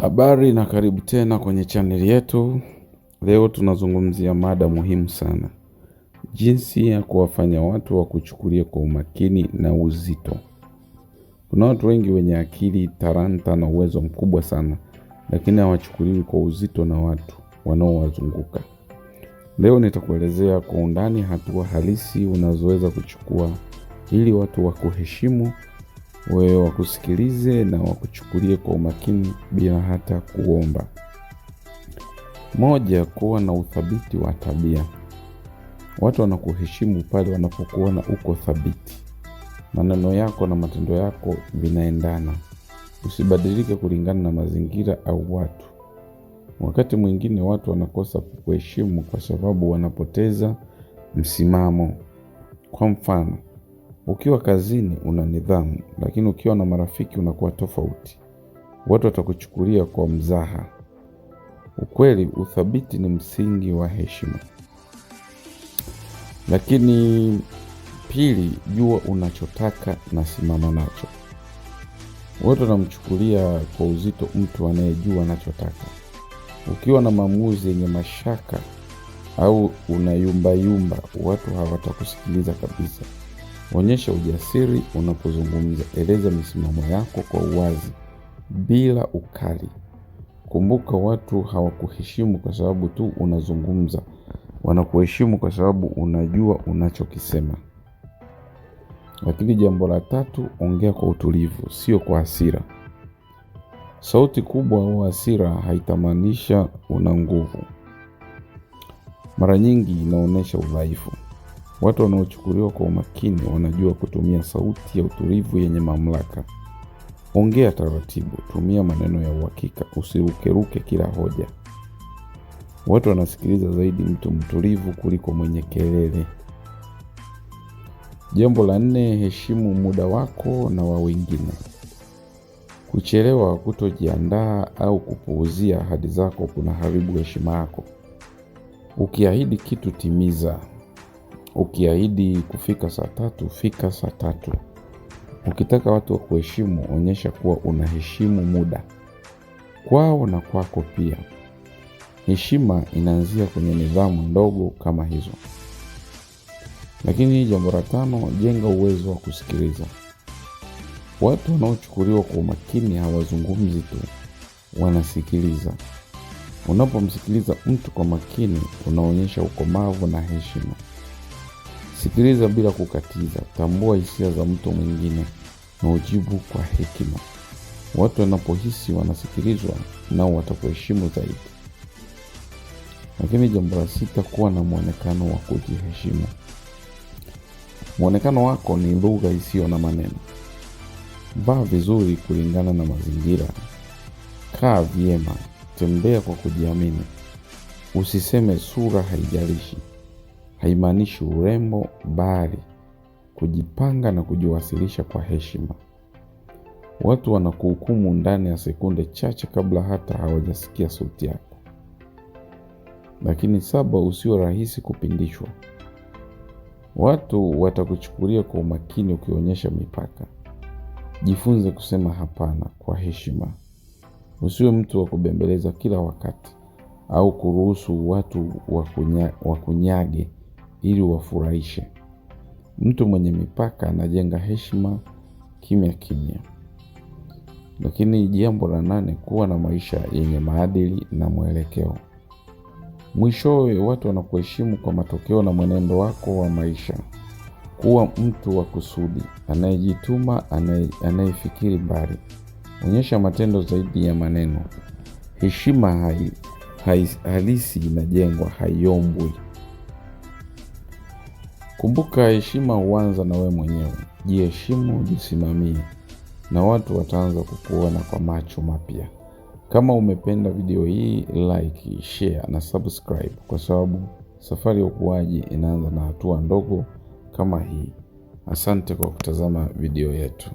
Habari na karibu tena kwenye chaneli yetu. Leo tunazungumzia mada muhimu sana, jinsi ya kuwafanya watu kuchukulia kwa umakini na uzito. Kuna watu wengi wenye akili, talanta na uwezo mkubwa sana, lakini hawachukuliwi kwa uzito na watu wanaowazunguka. Leo nitakuelezea kwa undani hatua halisi unazoweza kuchukua ili watu wakuheshimu wewe wakusikilize na wakuchukulie kwa umakini bila hata kuomba. Moja, kuwa na uthabiti wa tabia. Watu wanakuheshimu pale wanapokuona uko thabiti. Maneno yako na matendo yako vinaendana. Usibadilike kulingana na mazingira au watu. Wakati mwingine watu wanakosa kukuheshimu kwa sababu wanapoteza msimamo. Kwa mfano, ukiwa kazini una nidhamu, lakini ukiwa na marafiki unakuwa tofauti. Watu watakuchukulia kwa mzaha. Ukweli, uthabiti ni msingi wa heshima. Lakini pili, jua unachotaka na simama nacho. Watu wanamchukulia kwa uzito mtu anayejua anachotaka. Ukiwa na maamuzi yenye mashaka au unayumbayumba, watu hawatakusikiliza kabisa. Onyesha ujasiri unapozungumza. Eleza misimamo yako kwa uwazi bila ukali. Kumbuka, watu hawakuheshimu kwa sababu tu unazungumza, wanakuheshimu kwa sababu unajua unachokisema. Lakini jambo la tatu, ongea kwa utulivu, sio kwa hasira. Sauti kubwa au hasira haitamaanisha una nguvu, mara nyingi inaonyesha udhaifu. Watu wanaochukuliwa kwa umakini wanajua kutumia sauti ya utulivu yenye mamlaka. Ongea taratibu, tumia maneno ya uhakika, usirukeruke kila hoja. Watu wanasikiliza zaidi mtu mtulivu kuliko mwenye kelele. Jambo la nne, heshimu muda wako na wa wengine. Kuchelewa, kutojiandaa au kupuuzia ahadi zako kunaharibu heshima yako. Ukiahidi kitu, timiza. Ukiahidi kufika saa tatu, fika saa tatu. Ukitaka watu wa kuheshimu, onyesha kuwa unaheshimu muda kwao na kwako pia. Heshima inaanzia kwenye nidhamu ndogo kama hizo. Lakini jambo la tano, jenga uwezo wa kusikiliza. Watu wanaochukuliwa kwa umakini hawazungumzi tu, wanasikiliza. Unapomsikiliza mtu kwa makini, unaonyesha ukomavu na heshima. Sikiliza bila kukatiza, tambua hisia za mtu mwingine na ujibu kwa hekima. Watu wanapohisi wanasikilizwa, nao watakuheshimu zaidi. Lakini jambo la sita, kuwa na mwonekano wa kujiheshimu. Mwonekano wako ni lugha isiyo na maneno. Vaa vizuri kulingana na mazingira, kaa vyema, tembea kwa kujiamini, usiseme sura haijalishi haimaanishi urembo bali kujipanga na kujiwasilisha kwa heshima. Watu wanakuhukumu ndani ya sekunde chache kabla hata hawajasikia sauti yako. Lakini saba, usio rahisi kupindishwa. Watu watakuchukulia kwa umakini ukionyesha mipaka. Jifunze kusema hapana kwa heshima. Usiwe mtu wa kubembeleza kila wakati au kuruhusu watu wakunya, wakunyage ili wafurahishe Mtu mwenye mipaka anajenga heshima kimya kimya. Lakini jambo la nane, kuwa na maisha yenye maadili na mwelekeo. Mwishowe watu wanakuheshimu kwa matokeo na mwenendo wako wa maisha. Kuwa mtu wa kusudi, anayejituma, anayefikiri mbali. Onyesha matendo zaidi ya maneno. Heshima hai, hai, halisi inajengwa, haiombwi. Kumbuka, heshima huanza na wewe mwenyewe. Jiheshimu, jisimamie, na watu wataanza kukuona kwa macho mapya. Kama umependa video hii, like, share na subscribe, kwa sababu safari ya ukuaji inaanza na hatua ndogo kama hii. Asante kwa kutazama video yetu.